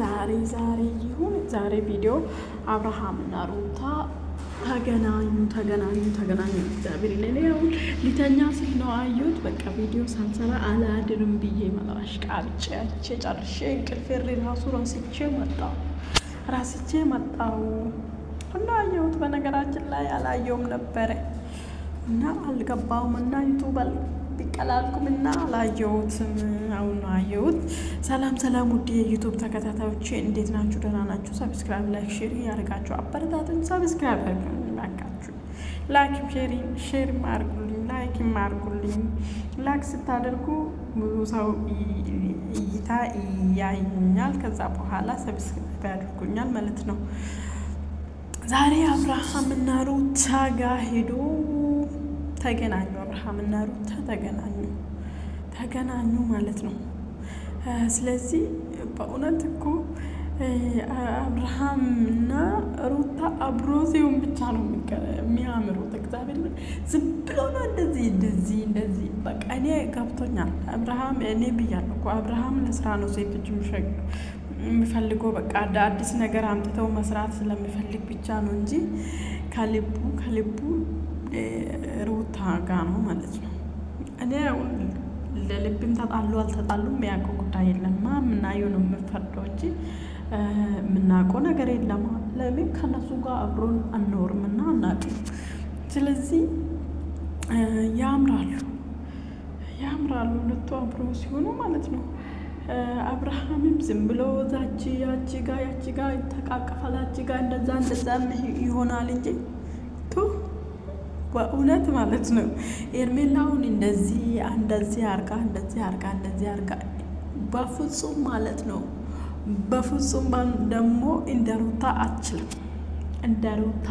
ዛሬ ዛሬ ይሁን ዛሬ ቪዲዮ አብርሃም እና ሩታ ተገናኙ ተገናኙ ተገናኙ። እግዚአብሔር ለሌው ሊተኛ ሲል ነው አዩት። በቃ ቪዲዮ ሳንሰራ አላድርም ብዬ መላሽ ቃብጬ ያቼ ጨርሼ እንቅልፌሬ ራሱ ራስቼ መጣሁ ራስቼ መጣሁ እና አየሁት። በነገራችን ላይ አላየውም ነበረ እና አልገባውም እና ይቱ ብቅ አላልኩምና አላየሁትም። አሁን ነው አየሁት። ሰላም ሰላም፣ ውድ የዩቱብ ተከታታዮች እንዴት ናችሁ? ደህና ናችሁ? ሰብስክራይብ፣ ላይክ፣ ሼር ያደርጋችሁ አበረታቱኝ። ሰብስክራይብ ላካችሁ፣ ላይክ ሼር አድርጉልኝ፣ ላይክ ሼር ማርጉልኝ ላይክ ማርጉልኝ ላክ ስታደርጉ ብዙ ሰው እይታ እያዩኛል። ከዛ በኋላ ሰብስክራይብ ያደርጉኛል ማለት ነው። ዛሬ አብርሃም እና ሩታ ጋ ሄዶ ተገናኙ። አብርሃም እና ሩታ ተገናኙ ተገናኙ ማለት ነው። ስለዚህ በእውነት እኮ አብርሃም እና ሩታ አብሮ ሲሆን ብቻ ነው የሚያምሩት። እግዚአብሔር ዝም ብሎ ነው እንደዚህ እንደዚህ እንደዚህ በቃ እኔ ገብቶኛል። አብርሃም እኔ ብያለሁ እኮ አብርሃም ለስራ ነው ሴት ሴቶች የሚፈልገው በቃ አዲስ ነገር አምጥተው መስራት ስለሚፈልግ ብቻ ነው እንጂ ከልቡ ከልቡ ሩታ ጋ ነው ማለት ነው። እኔ ለልብም ተጣሉ አልተጣሉ የሚያውቀው ጉዳይ የለማ የምናየው ነው የምፈርደው እንጂ የምናውቀው ነገር የለማ። ለምን ከነሱ ጋር አብሮን አንኖርም እና አናውቅም። ስለዚህ ያምራሉ ያምራሉ ሁለቱ አብሮ ሲሆኑ ማለት ነው። አብርሃምም ዝም ብሎ ዛቺ ያቺ ጋ ያቺ ጋ ይተቃቀፋል፣ ያቺ ጋ እንደዛ እንደዛ ይሆናል እንጂ በእውነት ማለት ነው ኤርሜላውን እንደዚህ እንደዚህ አርጋ እንደዚህ አርጋ እንደዚህ አርጋ በፍጹም ማለት ነው። በፍጹም ደግሞ እንደ ሩታ አትችልም። እንደ ሩታ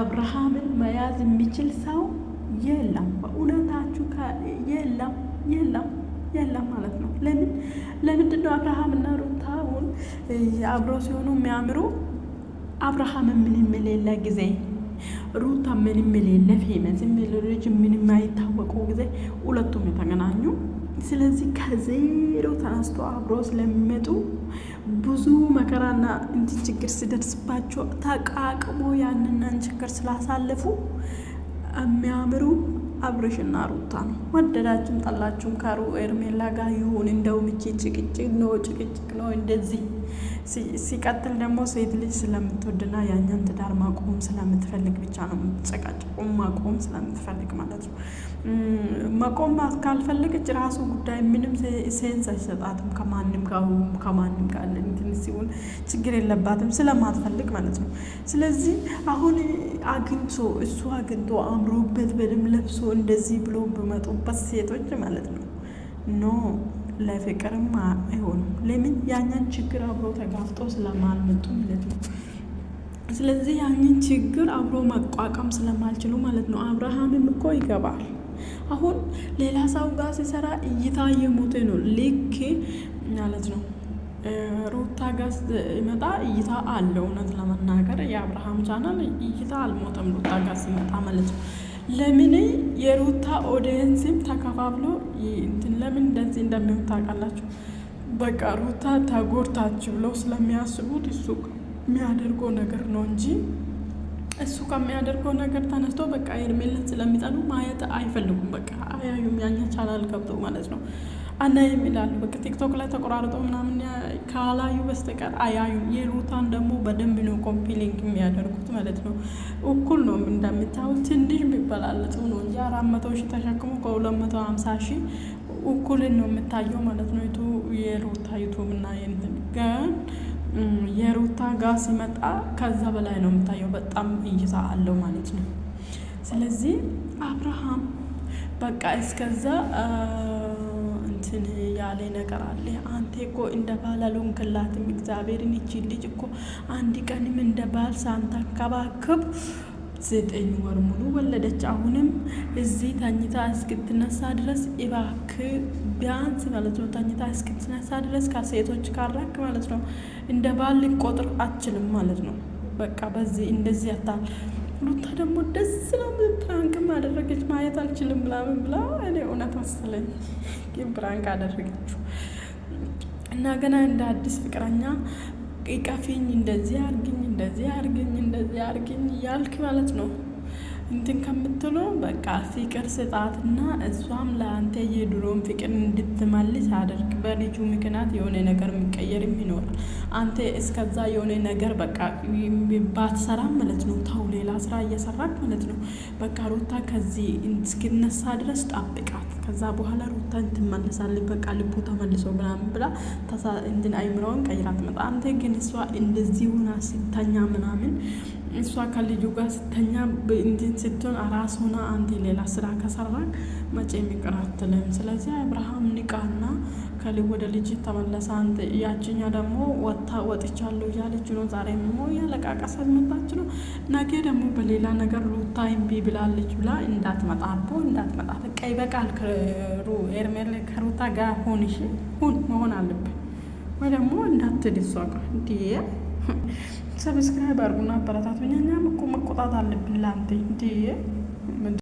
አብርሃምን መያዝ የሚችል ሰው የለም። በእውነታችሁ የለም፣ የለም፣ የለም ማለት ነው። ለምን ለምንድን ነው አብርሃም እና ሩታውን አብረው ሲሆኑ የሚያምሩ? አብርሃምን ምንም የሌለ ጊዜ ሩታ ምንም የሌለ ፌመስ ልጅ ምንም አይታወቀው ጊዜ ሁለቱም የተገናኙ ስለዚህ ከዜሮ ተነስቶ አብሮ ስለሚመጡ ብዙ መከራና እንትን ችግር ሲደርስባቸው ተቃቅሞ ያንናን ችግር ስላሳለፉ የሚያምሩ አብረሽና ሩታ ነው። ወደዳችሁም ጠላችሁም ከሩ ኤርሜላ ጋር ይሁን እንደውም እቺ ጭቅጭቅ ነው፣ ጭቅጭቅ ነው እንደዚህ ሲቀጥል ደግሞ ሴት ልጅ ስለምትወድና ያኛን ትዳር ማቆም ስለምትፈልግ ብቻ ነው የምትጨቃጨቁም ማቆም ስለምትፈልግ ማለት ነው። መቆም ካልፈለገች ራሱ ጉዳይ ምንም ሴንስ አይሰጣትም። ከማንም ጋር ከማንም ጋር እንትን ሲሆን ችግር የለባትም ስለማትፈልግ ማለት ነው። ስለዚህ አሁን አግኝቶ እሱ አግኝቶ አምሮበት በደም ለብሶ እንደዚህ ብሎ በመጡበት ሴቶች ማለት ነው ኖ ለፍቅርም አይሆኑም። ለምን ያኛን ችግር አብሮ ተጋፍጦ ስለማልመጡ ማለት ነው። ስለዚህ ያንን ችግር አብሮ መቋቋም ስለማልችሉ ማለት ነው። አብርሃምም እኮ ይገባል። አሁን ሌላ ሰው ጋር ሲሰራ እይታ እየሞተ ነው ልክ ማለት ነው። ሩታ ጋር ሲመጣ እይታ አለ። እውነት ለመናገር የአብርሃም ቻናል እይታ አልሞተም፣ ሩታ ጋር ሲመጣ ማለት ነው። ለምን የሩታ ኦዲየንስም ተከፋፍሎ እንትን ለምን እንደዚህ እንደሚሆን ታውቃላችሁ? በቃ ሩታ ተጎድታች ብለው ስለሚያስቡት እሱ የሚያደርገው ነገር ነው እንጂ እሱ ከሚያደርገው ነገር ተነስቶ በቃ ሄርሜላን ስለሚጠሉ ማየት አይፈልጉም። በቃ አያዩም። ያኛ ቻናል ገብተው ማለት ነው አናይም ይላሉ። በቃ ቲክቶክ ላይ ተቆራርጦ ምናምን ካላዩ በስተቀር አያዩ። የሩታን ደግሞ በደንብ ነው ኮምፒሊንግ የሚያደርጉት ማለት ነው። እኩል ነው እንደምታዩት፣ ትንሽ የሚበላለጡ ነው እንጂ አራት መቶ ሺ ተሸክሞ ከሁለት መቶ ሀምሳ ሺህ እኩልን ነው የምታየው ማለት ነው። ቱ የሩታ ዩቱብ እና የእንትን ግን የሩታ ጋ ሲመጣ ከዛ በላይ ነው የምታየው። በጣም እይታ አለው ማለት ነው። ስለዚህ አብርሃም በቃ እስከዛ እንትን ያለ ነገር አለ። አንተ እኮ እንደ ባል አልሆንክላትም። እግዚአብሔርን ይቺ ልጅ እኮ አንድ ቀንም እንደ ባል ሳንታከባክብ ዘጠኝ ወር ሙሉ ወለደች። አሁንም እዚህ ተኝታ እስክትነሳ ድረስ ኢባክ ቢያንስ ማለት ነው ተኝታ እስክትነሳ ድረስ ከሴቶች ካራክ ማለት ነው እንደ ባል ልቆጥር አችልም ማለት ነው። በቃ በዚህ እንደዚህ ያታል ሩታ ደግሞ ደስ ነው ፕራንክም አደረገች ማየት አልችልም ምናምን ብላ እኔ እውነት መሰለኝ ግን ፕራንክ አደረገችው እና ገና እንደ አዲስ ፍቅረኛ ቀፊኝ እንደዚህ አርግኝ እንደዚህ አርግኝ እንደዚህ አርግኝ እያልክ ማለት ነው እንትን ከምትሎ በቃ ፍቅር ስጣትና እሷም ለ አንተ የድሮውን ፍቅር እንድትመልስ አድርግ። በልጁ ምክንያት የሆነ ነገር የሚቀየርም ይኖራል። አንተ እስከዛ የሆነ ነገር በቃ ባትሰራ ማለት ነው፣ ተው ሌላ ስራ እየሰራ ማለት ነው። በቃ ሩታ ከዚህ እስክነሳ ድረስ ጠብቃት። ከዛ በኋላ ሩታ ትመለሳለች። በቃ ልቡ ተመልሶ ምናምን ብላ እንትን አይምረውን ቀይራ ትመጣ። አንተ ግን እሷ እንደዚህ ሆና ስተኛ ምናምን እሷ ከልጁ ጋር ስተኛ እንትን ስትሆን አራስ ሆና አንተ ሌላ ስራ ከሰራክ መቼ የሚቀራት አትልም። ስለዚህ አብርሃም ንቃና ከልብ ወደ ልጅ ተመለሰ። አንተ ያችኛ ደግሞ ወታ ወጥቻለሁ እያለች ነው። ዛሬ ሞ እያለቃቀሰ መጣች ነው። ነገ ደግሞ በሌላ ነገር ሩታ እምቢ ብላለች ብላ እንዳትመጣ አቦ እንዳትመጣ። በቃ ይበቃል። ኤርሜል ከሩታ ጋር እሺ፣ ሁን መሆን አለብን ወይ ደግሞ እንዳትድ እንዲየ ጋር እንዲ ሰብስክራይብ አርጉና አበረታት። እኛም እኮ መቆጣት አለብን ለአንተ እንዲየ